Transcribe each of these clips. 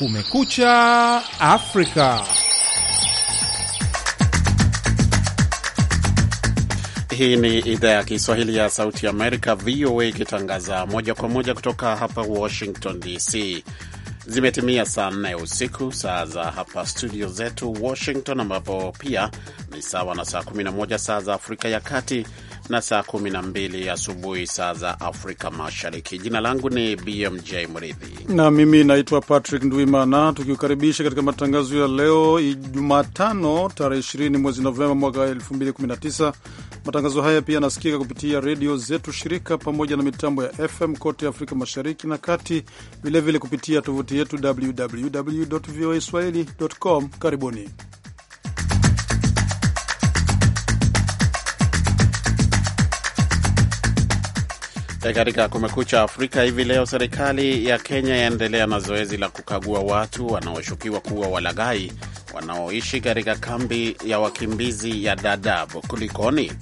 Kumekucha Afrika. Hii ni idhaa ya Kiswahili ya Sauti Amerika, VOA, ikitangaza moja kwa moja kutoka hapa Washington DC. Zimetimia saa nne usiku saa za hapa studio zetu Washington, ambapo pia ni sawa na saa 11 saa za Afrika ya Kati na saa mbili asubuhi saa za Afrika Mashariki. Jina langu ni BMJ Mridhi na mimi naitwa Patrick Ndwimana, tukiukaribisha katika matangazo ya leo Jumatano tarehe 20 mwezi Novemba mwaka 2019. Matangazo haya pia yanasikika kupitia redio zetu shirika pamoja na mitambo ya FM kote Afrika Mashariki na Kati, vilevile kupitia tovuti yetu www voa swahili com. Karibuni. Eh, katika Kumekucha Afrika hivi leo, serikali ya Kenya yaendelea na zoezi la kukagua watu wanaoshukiwa kuwa walaghai wanaoishi katika kambi ya wakimbizi ya Dadaab. Kulikoni?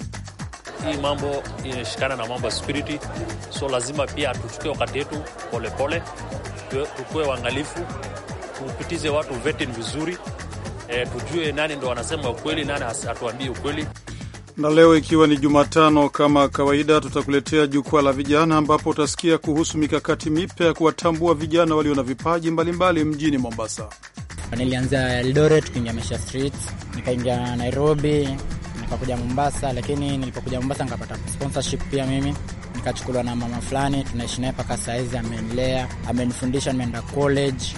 Hii mambo inashikana na mambo ya security, so lazima pia tuchukue wakati yetu polepole, tukuwe uangalifu, tupitize watu vetting vizuri, e, tujue nani ndo wanasema ukweli, nani hatuambii ukweli na leo ikiwa ni Jumatano, kama kawaida, tutakuletea jukwaa la vijana, ambapo utasikia kuhusu mikakati mipya ya kuwatambua vijana walio na vipaji mbalimbali mbali mjini Mombasa. Nilianza Eldoret kuingia Mesha Street, nikaingia Nairobi, nikakuja Mombasa, lakini nilipokuja Mombasa nikapata sponsorship pia mimi nikachukuliwa na mama fulani, tunaishi naye mpaka sahizi, amenilea, amenifundisha, nimeenda college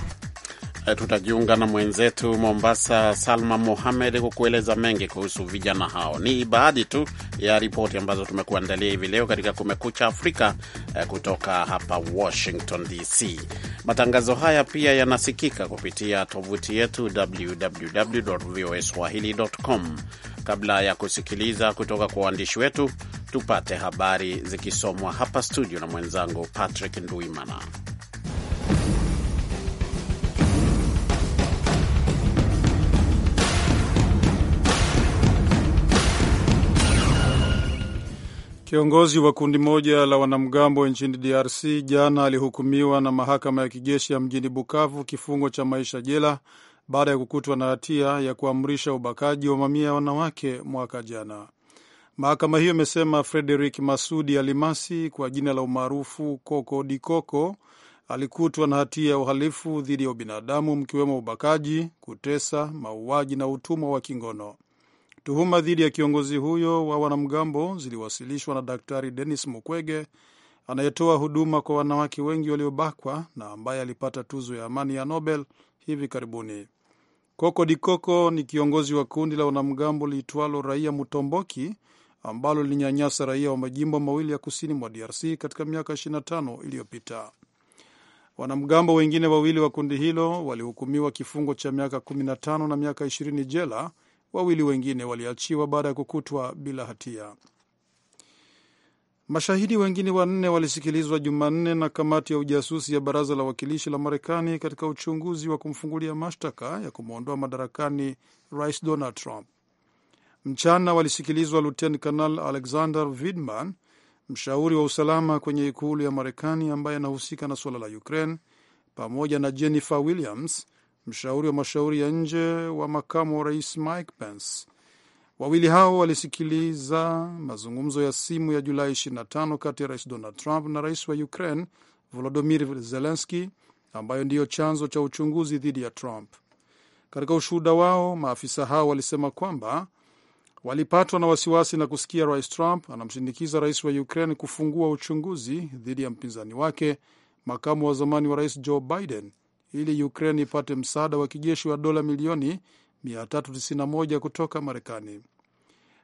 Eh, tutajiunga na mwenzetu Mombasa, Salma Mohamed, kukueleza mengi kuhusu vijana hao. Ni baadhi tu ya ripoti ambazo tumekuandalia hivi leo katika Kumekucha Afrika eh, kutoka hapa Washington DC. Matangazo haya pia yanasikika kupitia tovuti yetu www voa swahili.com. Kabla ya kusikiliza kutoka kwa waandishi wetu, tupate habari zikisomwa hapa studio na mwenzangu Patrick Nduimana. Kiongozi wa kundi moja la wanamgambo nchini DRC jana alihukumiwa na mahakama ya kijeshi ya mjini Bukavu kifungo cha maisha jela baada ya kukutwa na hatia ya kuamrisha ubakaji wa mamia ya wanawake mwaka jana. Mahakama hiyo imesema Frederik Masudi Alimasi, kwa jina la umaarufu Koko Dikoko, alikutwa na hatia ya uhalifu dhidi ya ubinadamu, mkiwemo ubakaji, kutesa, mauaji na utumwa wa kingono. Tuhuma dhidi ya kiongozi huyo wa wanamgambo ziliwasilishwa na Daktari Denis Mukwege anayetoa huduma kwa wanawake wengi waliobakwa na ambaye alipata tuzo ya amani ya Nobel hivi karibuni. Koko Dikoko ni kiongozi wa kundi la wanamgambo liitwalo Raia Mutomboki ambalo lilinyanyasa raia wa majimbo mawili ya kusini mwa DRC katika miaka 25 iliyopita. Wanamgambo wengine wawili wa kundi hilo walihukumiwa kifungo cha miaka 15 na miaka 20 jela Wawili wengine waliachiwa baada ya kukutwa bila hatia. Mashahidi wengine wanne walisikilizwa Jumanne na kamati ya ujasusi ya baraza la wawakilishi la Marekani katika uchunguzi wa kumfungulia mashtaka ya kumwondoa madarakani rais Donald Trump. Mchana walisikilizwa luteni kanal Alexander Vidman, mshauri wa usalama kwenye ikulu ya Marekani ambaye anahusika na suala la Ukraine, pamoja na Jennifer Williams, mshauri wa mashauri ya nje wa makamu wa rais Mike Pence. Wawili hao walisikiliza mazungumzo ya simu ya Julai 25 kati ya rais Donald Trump na rais wa Ukraine Volodymyr Zelensky, ambayo ndiyo chanzo cha uchunguzi dhidi ya Trump. Katika ushuhuda wao, maafisa hao walisema kwamba walipatwa na wasiwasi na kusikia rais Trump anamshinikiza rais wa Ukraine kufungua uchunguzi dhidi ya mpinzani wake, makamu wa zamani wa rais Joe Biden, ili Ukraine ipate msaada wa kijeshi wa dola milioni 391 kutoka Marekani.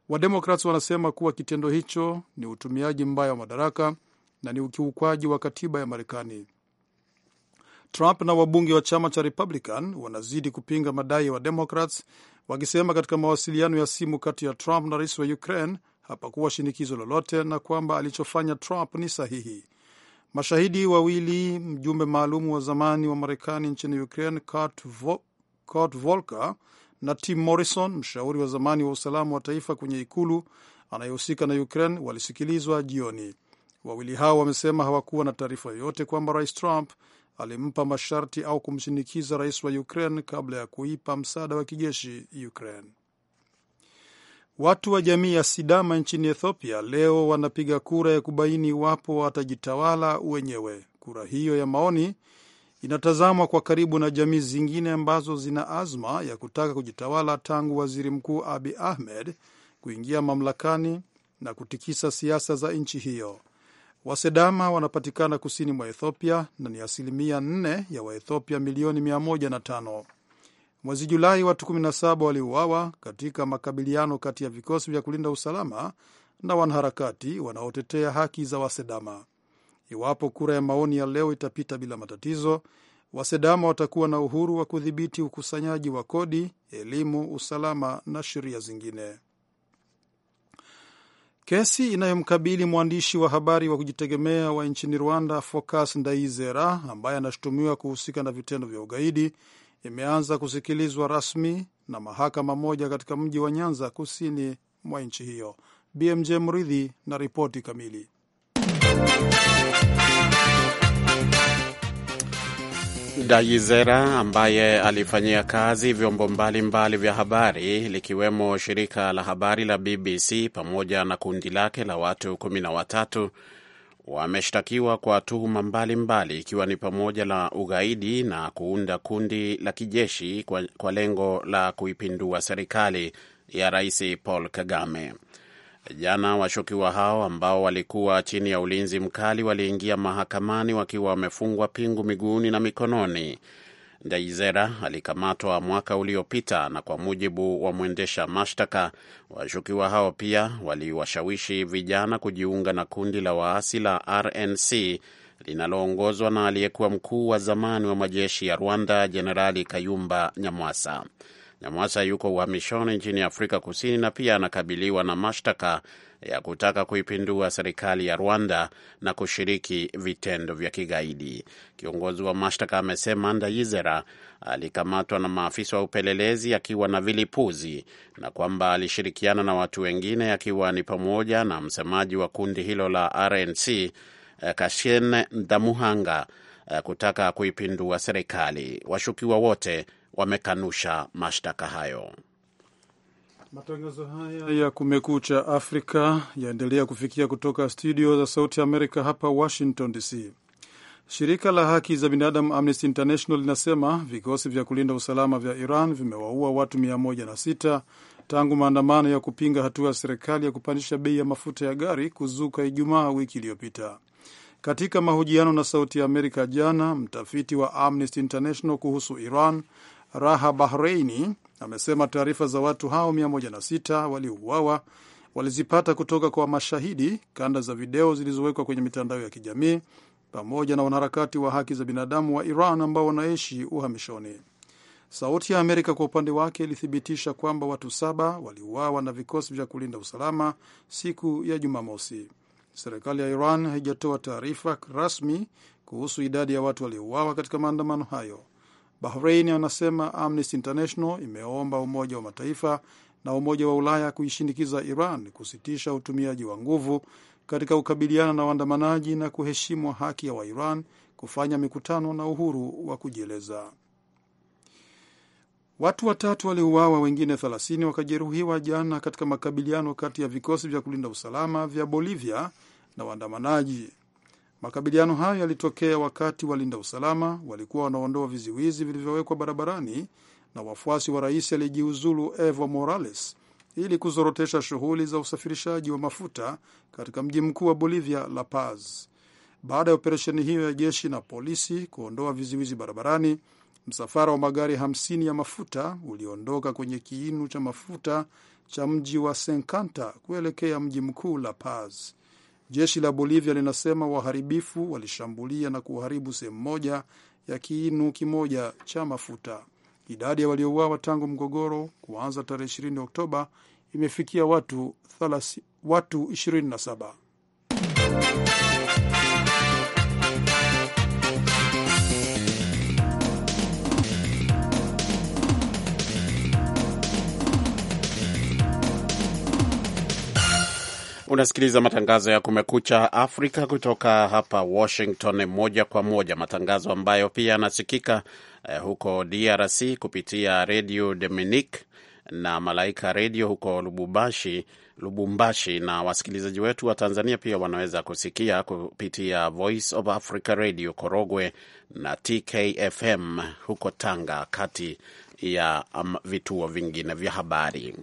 Wademokrats wanasema kuwa kitendo hicho ni utumiaji mbaya wa madaraka na ni ukiukwaji wa katiba ya Marekani. Trump na wabunge wa chama cha Republican wanazidi kupinga madai ya Wademokrats wakisema katika mawasiliano ya simu kati ya Trump na rais wa Ukraine hapakuwa shinikizo lolote na kwamba alichofanya Trump ni sahihi. Mashahidi wawili, mjumbe maalum wa zamani wa Marekani nchini Ukraine Kurt Volker na Tim Morrison, mshauri wa zamani wa usalama wa taifa kwenye ikulu anayehusika na Ukraine, walisikilizwa jioni. Wawili hao wamesema hawakuwa na taarifa yoyote kwamba Rais Trump alimpa masharti au kumshinikiza rais wa Ukraine kabla ya kuipa msaada wa kijeshi Ukraine. Watu wa jamii ya Sidama nchini Ethiopia leo wanapiga kura ya kubaini iwapo watajitawala wenyewe. Kura hiyo ya maoni inatazamwa kwa karibu na jamii zingine ambazo zina azma ya kutaka kujitawala tangu waziri mkuu Abi Ahmed kuingia mamlakani na kutikisa siasa za nchi hiyo. Wasedama wanapatikana kusini mwa Ethiopia na ni asilimia 4 ya Waethiopia milioni 15 Mwezi Julai watu 17 waliuawa katika makabiliano kati ya vikosi vya kulinda usalama na wanaharakati wanaotetea haki za Wasedama. Iwapo kura ya maoni ya leo itapita bila matatizo, Wasedama watakuwa na uhuru wa kudhibiti ukusanyaji wa kodi, elimu, usalama na sheria zingine. Kesi inayomkabili mwandishi wa habari wa kujitegemea wa nchini Rwanda Focus Ndaizera ambaye anashutumiwa kuhusika na vitendo vya ugaidi imeanza kusikilizwa rasmi na mahakama moja katika mji wa Nyanza, kusini mwa nchi hiyo. BMJ Mridhi na ripoti kamili. Daizera ambaye alifanyia kazi vyombo mbalimbali vya habari likiwemo shirika la habari la BBC pamoja na kundi lake la watu kumi na watatu wameshtakiwa kwa tuhuma mbalimbali ikiwa ni pamoja na ugaidi na kuunda kundi la kijeshi kwa, kwa lengo la kuipindua serikali ya Rais Paul Kagame. Jana washukiwa hao ambao walikuwa chini ya ulinzi mkali waliingia mahakamani wakiwa wamefungwa pingu miguuni na mikononi. Ndaizera alikamatwa mwaka uliopita, na kwa mujibu wa mwendesha mashtaka, washukiwa hao pia waliwashawishi vijana kujiunga na kundi la waasi la RNC linaloongozwa na aliyekuwa mkuu wa zamani wa majeshi ya Rwanda, Jenerali Kayumba Nyamwasa. Nyamwasa yuko uhamishoni nchini Afrika Kusini na pia anakabiliwa na mashtaka ya kutaka kuipindua serikali ya Rwanda na kushiriki vitendo vya kigaidi. Kiongozi wa mashtaka amesema Ndayizera alikamatwa na maafisa wa upelelezi akiwa na vilipuzi na kwamba alishirikiana na watu wengine akiwa ni pamoja na msemaji wa kundi hilo la RNC eh, Kashen Ndamuhanga eh, kutaka kuipindua serikali. Washukiwa wote wamekanusha mashtaka hayo. Matangazo haya ya Kumekucha Afrika yaendelea kufikia kutoka studio za Sauti Amerika hapa Washington DC. Shirika la haki za binadamu Amnesty International linasema vikosi vya kulinda usalama vya Iran vimewaua watu 106 tangu maandamano ya kupinga hatua ya serikali ya kupandisha bei ya mafuta ya gari kuzuka Ijumaa wiki iliyopita. Katika mahojiano na Sauti ya Amerika jana, mtafiti wa Amnesty International kuhusu Iran Raha Bahreini amesema taarifa za watu hao 106 waliouawa walizipata kutoka kwa mashahidi, kanda za video zilizowekwa kwenye mitandao ya kijamii, pamoja na wanaharakati wa haki za binadamu wa Iran ambao wanaishi uhamishoni. Sauti ya Amerika kwa upande wake ilithibitisha kwamba watu saba waliuawa na vikosi vya kulinda usalama siku ya Jumamosi. Serikali ya Iran haijatoa taarifa rasmi kuhusu idadi ya watu waliouawa katika maandamano hayo bahrein wanasema Amnesty International imeomba Umoja wa Mataifa na Umoja wa Ulaya kuishinikiza Iran kusitisha utumiaji wa nguvu katika kukabiliana na waandamanaji na kuheshimwa haki ya Wairan kufanya mikutano na uhuru wa kujieleza. Watu watatu waliuawa, wengine 30 wakajeruhiwa jana katika makabiliano kati ya vikosi vya kulinda usalama vya Bolivia na waandamanaji Makabiliano hayo yalitokea wakati walinda usalama walikuwa wanaondoa viziwizi vilivyowekwa barabarani na wafuasi wa rais aliyejiuzulu Evo Morales ili kuzorotesha shughuli za usafirishaji wa mafuta katika mji mkuu wa Bolivia, La Paz. Baada ya operesheni hiyo ya jeshi na polisi kuondoa viziwizi barabarani, msafara wa magari 50 ya mafuta uliondoka kwenye kiinu cha mafuta cha mji wa Senkanta kuelekea mji mkuu La Paz. Jeshi la Bolivia linasema waharibifu walishambulia na kuharibu sehemu moja ya kiinu kimoja cha mafuta. Idadi ya waliouawa tangu mgogoro kuanza tarehe ishirini Oktoba imefikia watu, watu 27. Unasikiliza matangazo ya Kumekucha Afrika kutoka hapa Washington moja kwa moja, matangazo ambayo pia yanasikika eh, huko DRC kupitia Redio Dominic na Malaika Redio huko Lubumbashi, Lubumbashi, na wasikilizaji wetu wa Tanzania pia wanaweza kusikia kupitia Voice of Africa Radio Korogwe na TKFM huko Tanga, kati ya um, vituo vingine vya habari.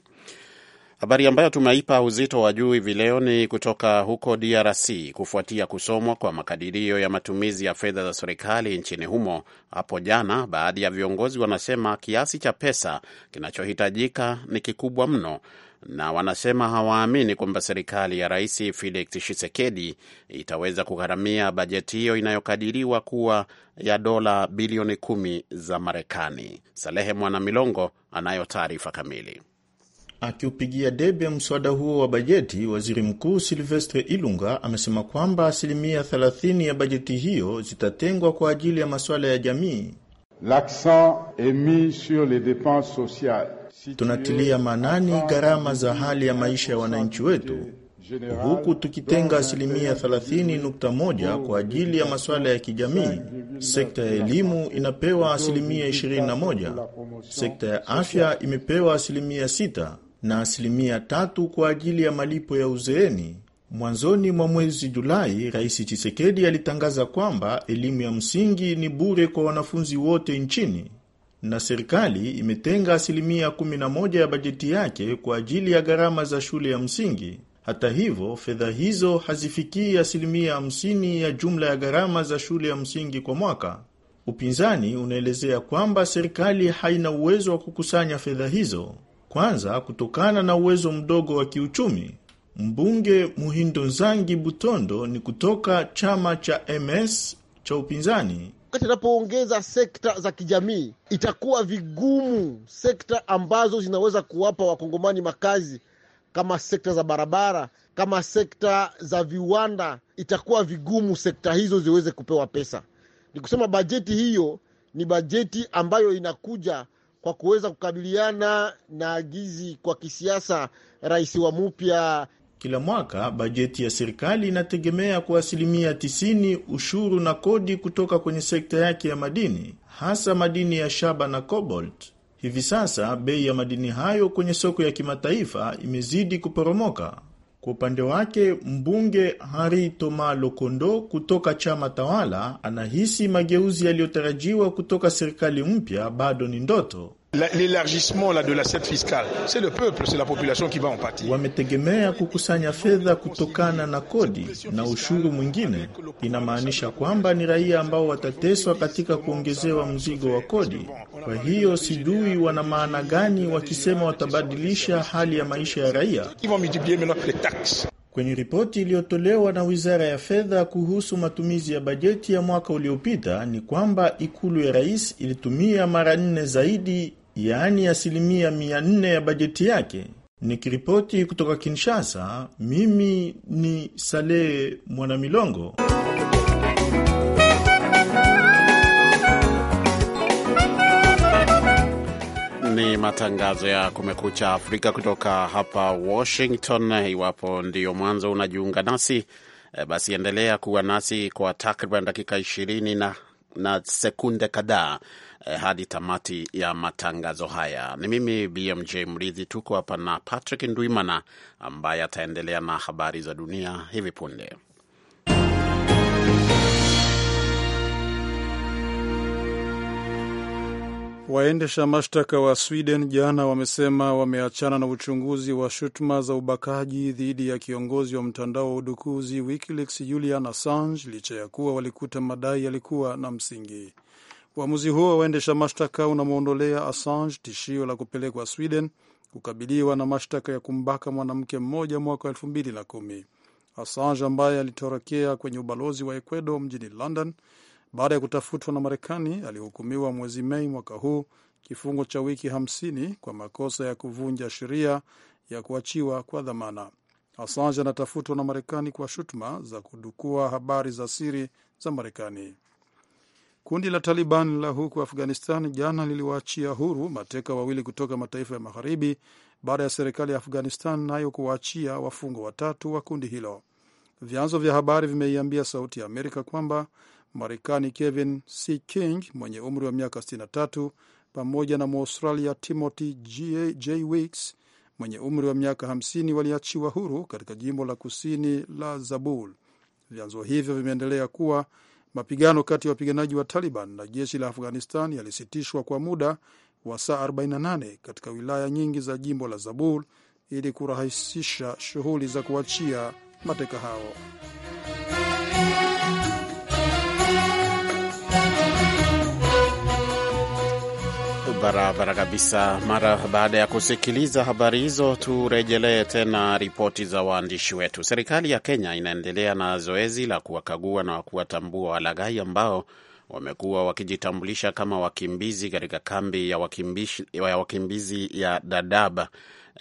Habari ambayo tumeipa uzito wa juu hivi leo ni kutoka huko DRC kufuatia kusomwa kwa makadirio ya matumizi ya fedha za serikali nchini humo hapo jana. Baadhi ya viongozi wanasema kiasi cha pesa kinachohitajika ni kikubwa mno, na wanasema hawaamini kwamba serikali ya Rais Felix Tshisekedi itaweza kugharamia bajeti hiyo inayokadiriwa kuwa ya dola bilioni kumi za Marekani. Salehe Mwanamilongo anayo taarifa kamili. Akiupigia debe mswada huo wa bajeti, waziri mkuu Silvestre Ilunga amesema kwamba asilimia 30 ya bajeti hiyo zitatengwa kwa ajili ya masuala ya jamii. L'accent est mis sur les dépenses sociales. Tunatilia maanani gharama za hali ya maisha ya wananchi wetu huku tukitenga asilimia 30.1 kwa ajili ya masuala ya kijamii. Sekta ya elimu inapewa asilimia 21, sekta ya afya imepewa asilimia 6, na asilimia tatu kwa ajili ya malipo ya uzeeni. Mwanzoni mwa mwezi Julai, Rais Chisekedi alitangaza kwamba elimu ya msingi ni bure kwa wanafunzi wote nchini na serikali imetenga asilimia 11 ya bajeti yake kwa ajili ya gharama za shule ya msingi. Hata hivyo, fedha hizo hazifikii asilimia 50 ya jumla ya gharama za shule ya msingi kwa mwaka. Upinzani unaelezea kwamba serikali haina uwezo wa kukusanya fedha hizo. Kwanza, kutokana na uwezo mdogo wa kiuchumi. Mbunge Muhindo Nzangi Butondo ni kutoka chama cha MS cha upinzani. Wakati anapoongeza sekta za kijamii, itakuwa vigumu sekta ambazo zinaweza kuwapa wakongomani makazi kama sekta za barabara, kama sekta za viwanda, itakuwa vigumu sekta hizo ziweze kupewa pesa. Ni kusema bajeti hiyo ni bajeti ambayo inakuja kwa kuweza kukabiliana na agizi kwa kisiasa rais wa mupya. Kila mwaka bajeti ya serikali inategemea kwa asilimia 90 ushuru na kodi kutoka kwenye sekta yake ya madini, hasa madini ya shaba na cobalt. Hivi sasa bei ya madini hayo kwenye soko ya kimataifa imezidi kuporomoka. Kwa upande wake mbunge Hari Toma Lokondo kutoka chama tawala anahisi mageuzi yaliyotarajiwa kutoka serikali mpya bado ni ndoto l'élargissement de l'assiette fiscale, c'est le peuple, c'est la population qui va en partie. Wametegemea kukusanya fedha kutokana na kodi na ushuru mwingine. Inamaanisha kwamba ni raia ambao watateswa katika kuongezewa mzigo wa kodi. Kwa hiyo sijui wana maana gani wakisema watabadilisha hali ya maisha ya raia. Kwenye ripoti iliyotolewa na Wizara ya Fedha kuhusu matumizi ya bajeti ya mwaka uliopita ni kwamba ikulu ya rais ilitumia mara nne zaidi yaani asilimia mia nne ya bajeti yake. Nikiripoti kutoka Kinshasa, mimi ni Sale Mwanamilongo. Ni matangazo ya Kumekucha Afrika kutoka hapa Washington. Iwapo ndiyo mwanzo unajiunga nasi, e, basi endelea kuwa nasi kwa takriban dakika ishirini na, na sekunde kadhaa eh, hadi tamati ya matangazo haya. Ni mimi BMJ Mridhi, tuko hapa na Patrick Ndwimana ambaye ataendelea na habari za dunia hivi punde. Waendesha mashtaka wa Sweden jana wamesema wameachana na uchunguzi wa shutuma za ubakaji dhidi ya kiongozi wa mtandao wa udukuzi WikiLeaks Julian Assange licha ya kuwa walikuta madai yalikuwa na msingi. Uamuzi huo wa waendesha mashtaka unamwondolea Assange tishio la kupelekwa Sweden kukabiliwa na mashtaka ya kumbaka mwanamke mmoja mwaka wa elfu mbili na kumi. Assange ambaye alitorokea kwenye ubalozi wa Ecuador mjini London baada ya kutafutwa na Marekani alihukumiwa mwezi Mei mwaka huu kifungo cha wiki 50 kwa makosa ya kuvunja sheria ya kuachiwa kwa dhamana. Assange anatafutwa na Marekani kwa shutuma za kudukua habari za siri za Marekani. Kundi la Taliban la huku Afghanistan jana liliwaachia huru mateka wawili kutoka mataifa ya magharibi baada ya serikali ya Afghanistan nayo kuwaachia wafungwa watatu wa kundi hilo. Vyanzo vya habari vimeiambia Sauti ya Amerika kwamba Marekani Kevin C. King mwenye umri wa miaka 63 pamoja na Muaustralia Timothy J. Wicks mwenye umri wa miaka 50 waliachiwa huru katika jimbo la kusini la Zabul. Vyanzo hivyo vimeendelea kuwa Mapigano kati ya wapiganaji wa Taliban na jeshi la Afghanistan yalisitishwa kwa muda wa saa 48 katika wilaya nyingi za jimbo la Zabul ili kurahisisha shughuli za kuachia mateka hao. barabara kabisa. Mara baada ya kusikiliza habari hizo, turejelee tena ripoti za waandishi wetu. Serikali ya Kenya inaendelea na zoezi la kuwakagua na kuwatambua walaghai ambao wamekuwa wakijitambulisha kama wakimbizi katika kambi ya wakimbizi ya, wakimbizi ya Dadaab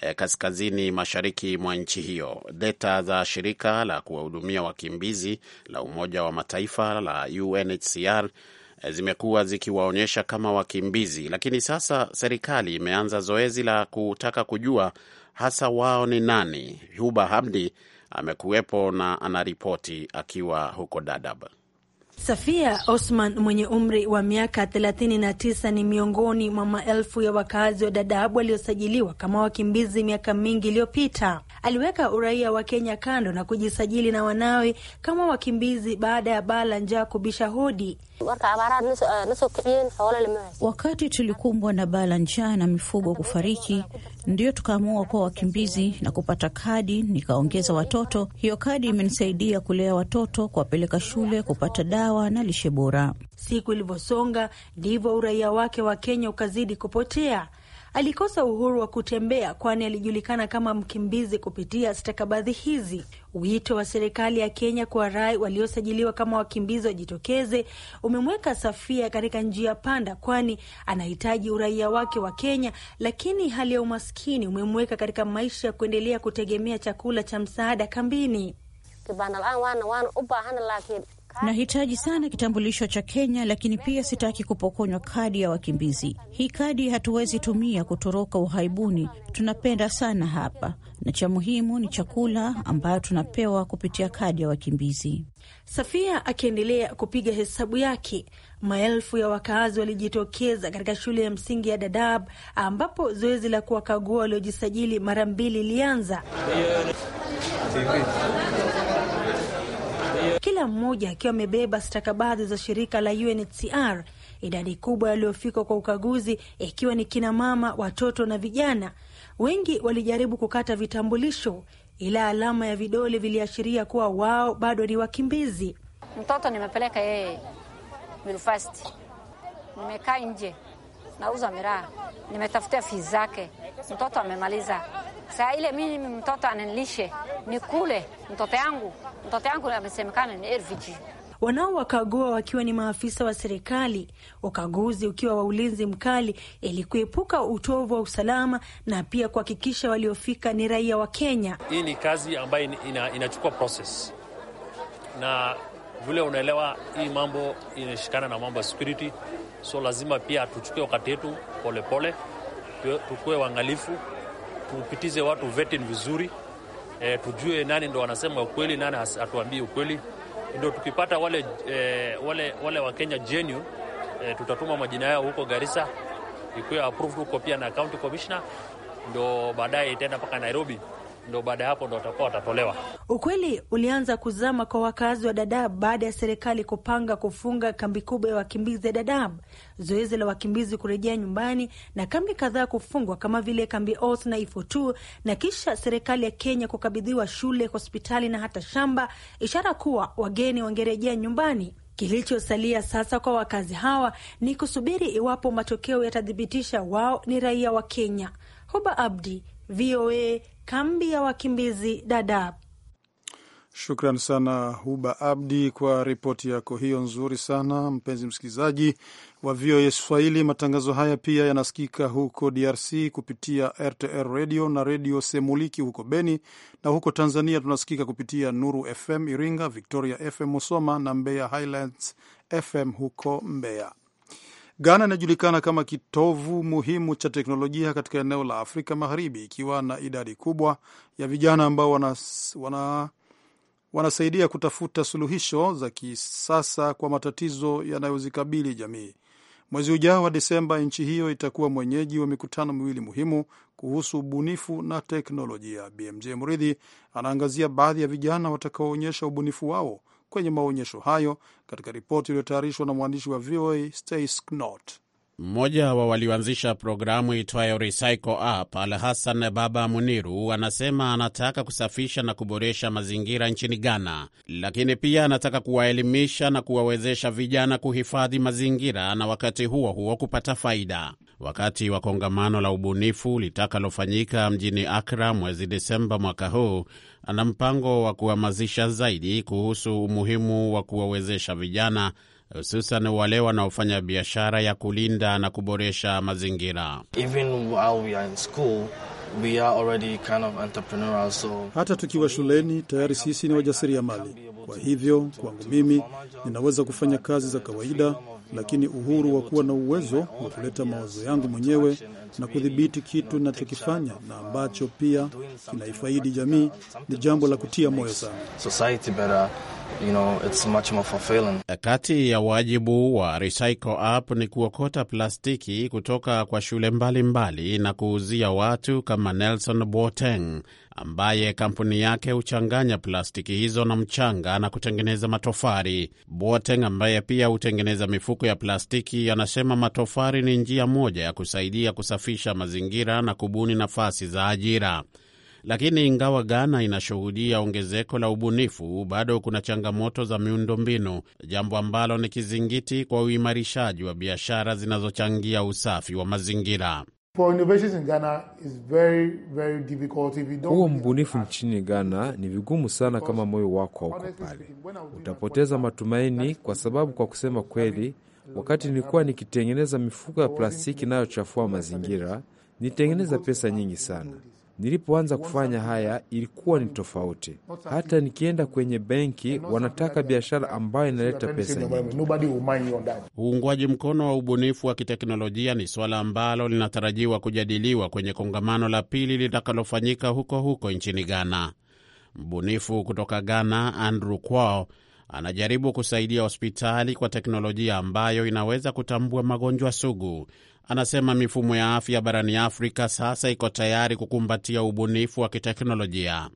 eh, kaskazini mashariki mwa nchi hiyo. Data za shirika la kuwahudumia wakimbizi la Umoja wa Mataifa la UNHCR zimekuwa zikiwaonyesha kama wakimbizi, lakini sasa serikali imeanza zoezi la kutaka kujua hasa wao ni nani. Huba Hamdi amekuwepo na anaripoti akiwa huko Dadab. Safia Osman mwenye umri wa miaka 39 ni miongoni mwa maelfu ya wakaazi wa Dadaab waliosajiliwa kama wakimbizi miaka mingi iliyopita. Aliweka uraia wa Kenya kando na kujisajili na wanawe kama wakimbizi baada ya baa la njaa kubisha hodi. Eh, Wakati tulikumbwa na baa la njaa na mifugo kufariki, ndio tukaamua kuwa wakimbizi na kupata kadi, nikaongeza watoto. Hiyo kadi imenisaidia kulea watoto, kuwapeleka shule, kupata dawa na lishe bora. Siku ilivyosonga ndivyo uraia wake wa Kenya ukazidi kupotea. Alikosa uhuru wa kutembea, kwani alijulikana kama mkimbizi kupitia stakabadhi hizi. Wito wa serikali ya Kenya kwa rai waliosajiliwa kama wakimbizi wajitokeze umemweka Safia katika njia panda, kwani anahitaji uraia wake wa Kenya, lakini hali ya umaskini umemweka katika maisha ya kuendelea kutegemea chakula cha msaada kambini. Ah, Nahitaji sana kitambulisho cha Kenya, lakini pia sitaki kupokonywa kadi ya wakimbizi. Hii kadi hatuwezi tumia kutoroka uhaibuni, tunapenda sana hapa, na cha muhimu ni chakula ambayo tunapewa kupitia kadi ya wakimbizi. Safia akiendelea kupiga hesabu yake, maelfu ya wakazi walijitokeza katika shule ya msingi ya Dadaab ambapo zoezi la kuwakagua waliojisajili mara mbili ilianza kila mmoja akiwa amebeba stakabadhi za shirika la UNHCR. Idadi kubwa yaliyofika kwa ukaguzi ikiwa ni kina mama, watoto na vijana. Wengi walijaribu kukata vitambulisho, ila alama ya vidole viliashiria kuwa wao bado ni wakimbizi. Mtoto nimepeleka yeye Belfast, nimekaa nje, nauza miraa, nimetafutia fii zake, mtoto amemaliza saa ile mimi mtoto ananilishe ni kule mtoto yangu mtoto yangu amesemekana ni elfu wanaowakagua wakiwa ni maafisa wa serikali, ukaguzi ukiwa wa ulinzi mkali ili kuepuka utovu wa usalama na pia kuhakikisha waliofika ni raia wa Kenya. Hii ni kazi ambayo ina, inachukua process na vile unaelewa, hii mambo inashikana na mambo ya security, so lazima pia tuchukue wakati wetu polepole, tukuwe waangalifu tupitize watu vetting vizuri e, tujue nani ndo wanasema ukweli, nani hatuambii ukweli, ndo tukipata wale, e, wale, wale Wakenya genuine e, tutatuma majina yao huko Garissa ikiwa approved huko pia na county commissioner, ndo baadaye itaenda mpaka Nairobi ndo baada ya hapo ndo watakuwa watatolewa. Ukweli ulianza kuzama kwa wakazi wa dadab baada ya serikali kupanga kufunga kambi kubwa ya wakimbizi ya Dadab, zoezi la wakimbizi kurejea nyumbani na kambi kadhaa kufungwa kama vile kambi Oth na Ifotu, na kisha serikali ya Kenya kukabidhiwa shule, hospitali na hata shamba, ishara kuwa wageni wangerejea nyumbani. Kilichosalia sasa kwa wakazi hawa ni kusubiri iwapo matokeo yatathibitisha wao ni raia wa Kenya. Huba Abdi, VOA kambi ya wakimbizi Dadaab. Shukran sana Huba Abdi kwa ripoti yako hiyo nzuri sana. Mpenzi msikilizaji wa VOA Swahili, matangazo haya pia yanasikika huko DRC kupitia RTR Radio na Redio Semuliki huko Beni, na huko Tanzania tunasikika kupitia Nuru FM Iringa, Victoria FM Musoma na Mbeya Highlands FM huko Mbeya. Ghana inajulikana kama kitovu muhimu cha teknolojia katika eneo la Afrika Magharibi, ikiwa na idadi kubwa ya vijana ambao wanas, wana, wanasaidia kutafuta suluhisho za kisasa kwa matatizo yanayozikabili jamii. Mwezi ujao wa Desemba, nchi hiyo itakuwa mwenyeji wa mikutano miwili muhimu kuhusu ubunifu na teknolojia. BMJ Mridhi anaangazia baadhi ya vijana watakaoonyesha ubunifu wao kwenye maonyesho hayo, katika ripoti iliyotayarishwa na mwandishi wa VOA Stacy Knott. Mmoja wa walioanzisha programu itwayo Recycle Up, Al Hassan Baba Muniru, anasema anataka kusafisha na kuboresha mazingira nchini Ghana, lakini pia anataka kuwaelimisha na kuwawezesha vijana kuhifadhi mazingira na wakati huo huo kupata faida. Wakati wa kongamano la ubunifu litakalofanyika mjini Akra mwezi Desemba mwaka huu, ana mpango wa kuhamasisha zaidi kuhusu umuhimu wa kuwawezesha vijana hususan wale wanaofanya biashara ya kulinda na kuboresha mazingira. Even while we are in school, we are already kind of so... hata tukiwa shuleni tayari sisi ni wajasiriamali. Kwa hivyo kwangu mimi ninaweza kufanya kazi za kawaida, lakini uhuru wa kuwa na uwezo wa kuleta mawazo yangu mwenyewe na kudhibiti kitu nachokifanya na ambacho pia kinaifaidi jamii ni jambo la kutia moyo sana. You know, it's much more fulfilling. Eh, kati ya wajibu wa Recycle Up ni kuokota plastiki kutoka kwa shule mbalimbali mbali na kuuzia watu kama Nelson Boateng ambaye kampuni yake huchanganya plastiki hizo na mchanga na kutengeneza matofari. Boateng ambaye pia hutengeneza mifuko ya plastiki anasema matofari ni njia moja ya kusaidia kusafirisha kusafisha mazingira na kubuni nafasi za ajira. Lakini ingawa Ghana inashuhudia ongezeko la ubunifu, bado kuna changamoto za miundombinu, jambo ambalo ni kizingiti kwa uimarishaji wa biashara zinazochangia usafi wa mazingira. Huo mbunifu nchini Ghana ni vigumu sana kama moyo wako hauko pale, utapoteza matumaini, kwa sababu kwa kusema kweli Wakati nilikuwa nikitengeneza mifuko ya plastiki inayochafua mazingira, nilitengeneza pesa nyingi sana. Nilipoanza kufanya haya ilikuwa ni tofauti. Hata nikienda kwenye benki, wanataka biashara ambayo inaleta pesa nyingi. Uungwaji mkono wa ubunifu wa kiteknolojia ni suala ambalo linatarajiwa kujadiliwa kwenye kongamano la pili litakalofanyika huko huko nchini Ghana. Mbunifu kutoka Ghana Andrew Kwao anajaribu kusaidia hospitali kwa teknolojia ambayo inaweza kutambua magonjwa sugu. Anasema mifumo ya afya barani Afrika sasa iko tayari kukumbatia ubunifu wa kiteknolojia.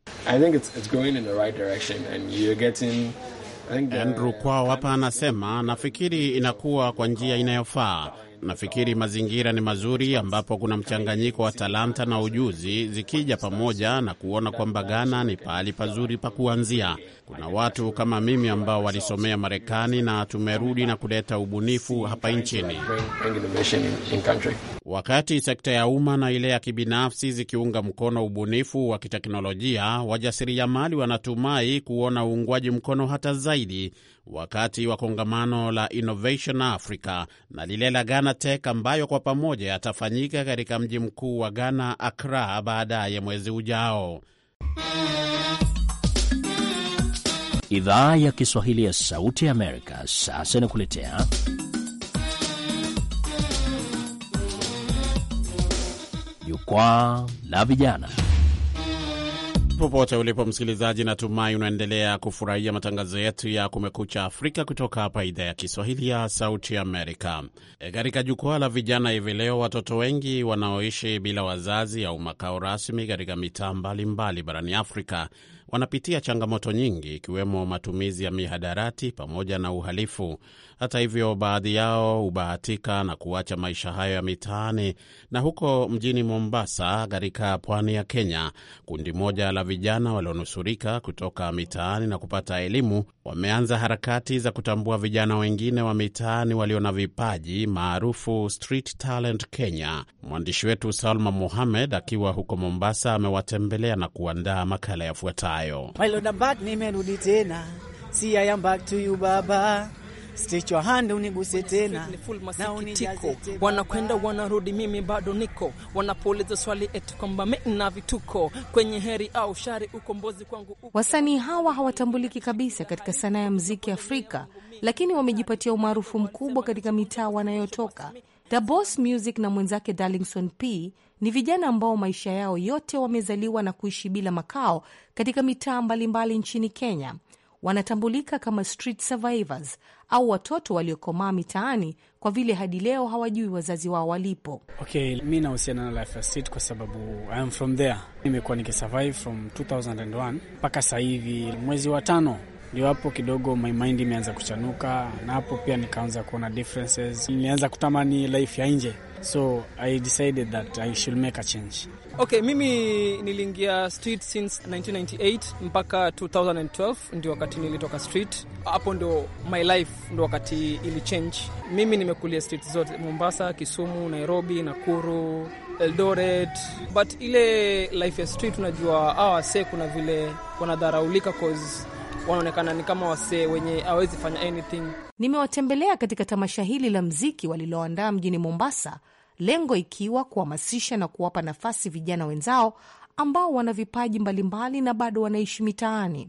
Andrew Kwao hapa anasema, nafikiri inakuwa kwa njia inayofaa Nafikiri mazingira ni mazuri ambapo kuna mchanganyiko wa talanta na ujuzi zikija pamoja, na kuona kwamba Ghana ni pahali pazuri pa kuanzia. Kuna watu kama mimi ambao walisomea Marekani na tumerudi na kuleta ubunifu hapa nchini. Wakati sekta ya umma na ile ya kibinafsi zikiunga mkono ubunifu wa kiteknolojia, wajasiriamali wanatumai kuona uungwaji mkono hata zaidi wakati wa kongamano la Innovation Africa na lile la Ghana tek ambayo kwa pamoja yatafanyika katika mji mkuu wa Ghana, Accra, baadaye mwezi ujao. Idhaa ya Kiswahili ya Sauti ya Amerika sasa inakuletea jukwaa la vijana. Popote ulipo msikilizaji, natumai unaendelea kufurahia matangazo yetu ya Kumekucha Afrika kutoka hapa idhaa ya Kiswahili ya Sauti Amerika. E, katika e jukwaa la vijana hivi leo, watoto wengi wanaoishi bila wazazi au makao rasmi katika mitaa mbalimbali barani Afrika wanapitia changamoto nyingi, ikiwemo matumizi ya mihadarati pamoja na uhalifu. Hata hivyo, baadhi yao hubahatika na kuacha maisha hayo ya mitaani. Na huko mjini Mombasa, katika pwani ya Kenya, kundi moja la vijana walionusurika kutoka mitaani na kupata elimu wameanza harakati za kutambua vijana wengine wa mitaani walio na vipaji maarufu Street Talent Kenya. Mwandishi wetu Salma Mohamed akiwa huko Mombasa amewatembelea na kuandaa makala yafuatayo hayo. Nimerudi tena si I am back to you baba uniguse tena full masikitiko, wanakwenda wanarudi, mimi bado niko wanapouliza swali eti kwamba mimi na vituko kwenye heri au shari, ukombozi kwangu. Wasanii hawa hawatambuliki kabisa katika sanaa ya muziki Afrika, lakini wamejipatia umaarufu mkubwa katika mitaa wanayotoka. The Boss Music na mwenzake Darlingson P ni vijana ambao maisha yao yote wamezaliwa na kuishi bila makao katika mitaa mbalimbali nchini Kenya. Wanatambulika kama street survivors au watoto waliokomaa mitaani kwa vile hadi leo hawajui wazazi wao walipo. Okay, mi nahusiana na life street kwa sababu I am from there. Nimekuwa nikisurvive from 2001 mpaka sasa hivi. Mwezi wa tano ndio hapo kidogo my mind imeanza kuchanuka, na hapo pia nikaanza kuona differences. Nilianza kutamani life ya nje so I decided that I should make a change. Okay, mimi niliingia street since 1998 mpaka 2012 ndio wakati nilitoka street. Hapo ndo my life ndo wakati ili change. Mimi nimekulia street zote Mombasa, Kisumu, Nairobi, Nakuru, Eldoret, but ile life ya street, unajua awase kuna vile wanadharaulika cause wanaonekana ni kama wasee wenye hawezi fanya anything. Nimewatembelea katika tamasha hili la mziki waliloandaa mjini Mombasa, lengo ikiwa kuhamasisha na kuwapa nafasi vijana wenzao ambao wana vipaji mbalimbali na bado wanaishi mitaani.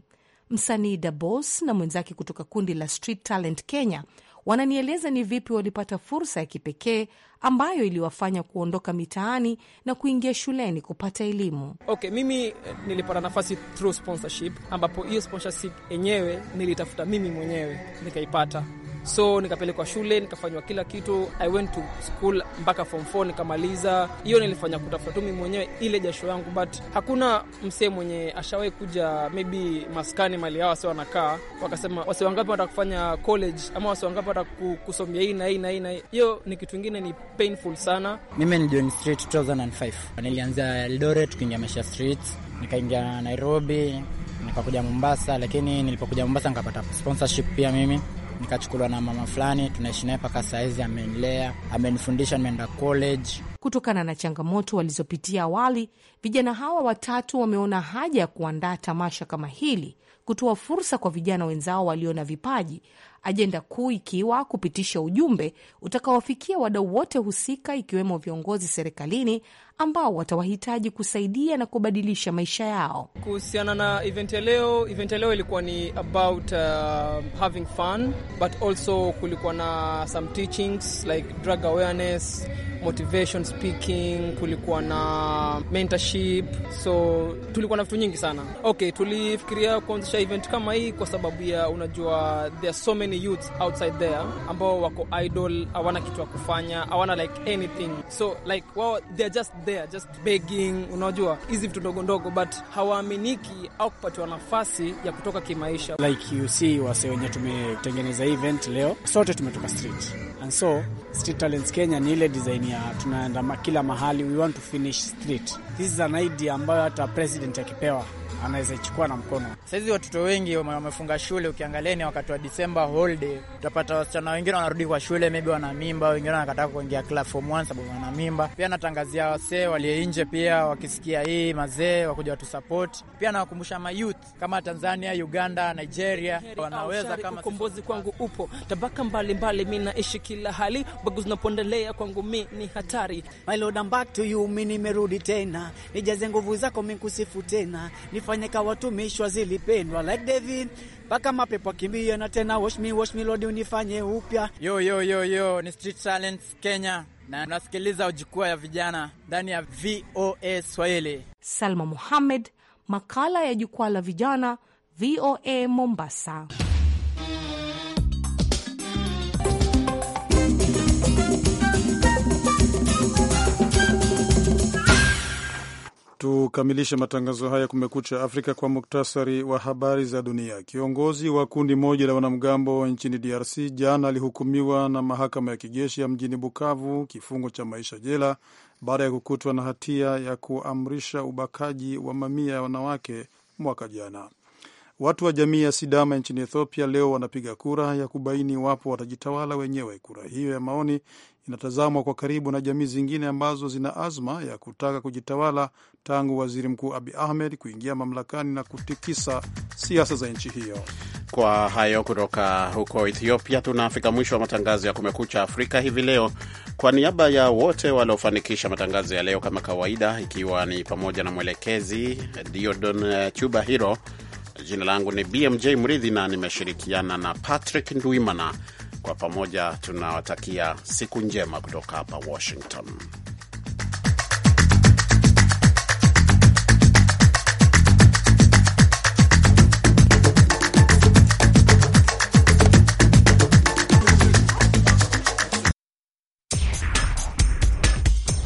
Msanii Dabos na mwenzake kutoka kundi la Street Talent Kenya wananieleza ni vipi walipata fursa ya kipekee ambayo iliwafanya kuondoka mitaani na kuingia shuleni kupata elimu. Okay, mimi eh, nilipata nafasi through sponsorship, ambapo hiyo sponsorship yenyewe nilitafuta mimi mwenyewe nikaipata so nikapelekwa shule nikafanywa kila kitu. I went to school mpaka form 4 nikamaliza. Hiyo nilifanya kutafuta tu mimi mwenyewe ile jasho yangu, but hakuna msee mwenye ashawahi kuja maybe maskani mali hawa wase wanakaa wakasema wase wangapi wanataka kufanya college ama wase wangapi wanataka kusomea hii na hii na hii na hiyo. Ni kitu ingine ni painful sana. Mimi ni John Street 2005. Nilianza Eldoret tukiingia Mesha Street, nikaingia Nairobi, nikakuja Mombasa, lakini nilipokuja Mombasa nikapata sponsorship pia mimi nikachukuliwa na mama fulani, tunaishi naye mpaka sahizi. Amenilea, amenifundisha, nimeenda college. Kutokana na changamoto walizopitia awali, vijana hawa watatu wameona haja ya kuandaa tamasha kama hili, kutoa fursa kwa vijana wenzao walio na vipaji ajenda kuu ikiwa kupitisha ujumbe utakaowafikia wadau wote husika, ikiwemo viongozi serikalini ambao watawahitaji kusaidia na kubadilisha maisha yao. Kuhusiana na event ya leo, event ya leo ilikuwa ni about uh, having fun but also kulikuwa na some teachings like drug awareness, motivation speaking, kulikuwa na mentorship, so tulikuwa na vitu nyingi sana. Okay, tulifikiria kuanzisha event kama hii kwa sababu ya unajua there are so many the youths outside there ambao wako idle, hawana kitu ya kufanya, hawana like anything, so like wao well, they're just there just begging, unajua hizi vitu ndogo ndogo, but hawaaminiki au kupatiwa nafasi ya kutoka kimaisha. Like you see wase wenye tumetengeneza event leo, sote tumetoka street and so Street Talents Kenya ni ile design ya tunaenda kila mahali, we want to finish street. This is an idea ambayo hata president akipewa anaweza ichukua na mkono. Sahizi watoto wengi wamefunga shule, ukiangalia ni wakati wa Disemba holiday, utapata wasichana wengine wanarudi kwa shule, maybe wana mimba, wengine wanakataa kuingia class form one sababu wana mimba. Pia natangazia wasee walio nje, pia wakisikia hii mazee wakuja watusapoti. Pia nawakumbusha mayouth kama Tanzania, Uganda, Nigeria wanaweza kama ukombozi kwangu upo tabaka mbalimbali, mi naishi kila hali bagu zinapoendelea kwangu mi ni hatari. My Lord, I'm back to you, mi nimerudi tena, nijaze nguvu zako mi minkusifu tena Nif wafanyika watumishwa zilipendwa like David mpaka mapepo kimbia na tena wash me, wash me Lord unifanye upya. Yo, yo, yo, yo, ni Street Silence Kenya na unasikiliza Ujukua ya Vijana ndani ya VOA Swahili. Salma muhammed makala ya Jukwaa la Vijana, VOA Mombasa. Tukamilishe matangazo haya Kumekucha Afrika kwa muktasari wa habari za dunia. Kiongozi wa kundi moja la wanamgambo nchini DRC jana alihukumiwa na mahakama ya kijeshi ya mjini Bukavu kifungo cha maisha jela baada ya kukutwa na hatia ya kuamrisha ubakaji wa mamia ya wanawake mwaka jana. Watu wa jamii ya Sidama nchini Ethiopia leo wanapiga kura ya kubaini iwapo watajitawala wenyewe. Kura hiyo ya maoni inatazamwa kwa karibu na jamii zingine ambazo zina azma ya kutaka kujitawala tangu waziri mkuu Abi Ahmed kuingia mamlakani na kutikisa siasa za nchi hiyo. Kwa hayo kutoka huko Ethiopia, tunafika mwisho wa matangazo ya Kumekucha Afrika hivi leo. Kwa niaba ya wote waliofanikisha matangazo ya leo, kama kawaida, ikiwa ni pamoja na mwelekezi Diodon Chuba Hiro Jina langu ni BMJ Mridhi na nimeshirikiana na Patrick Ndwimana. Kwa pamoja tunawatakia siku njema kutoka hapa Washington.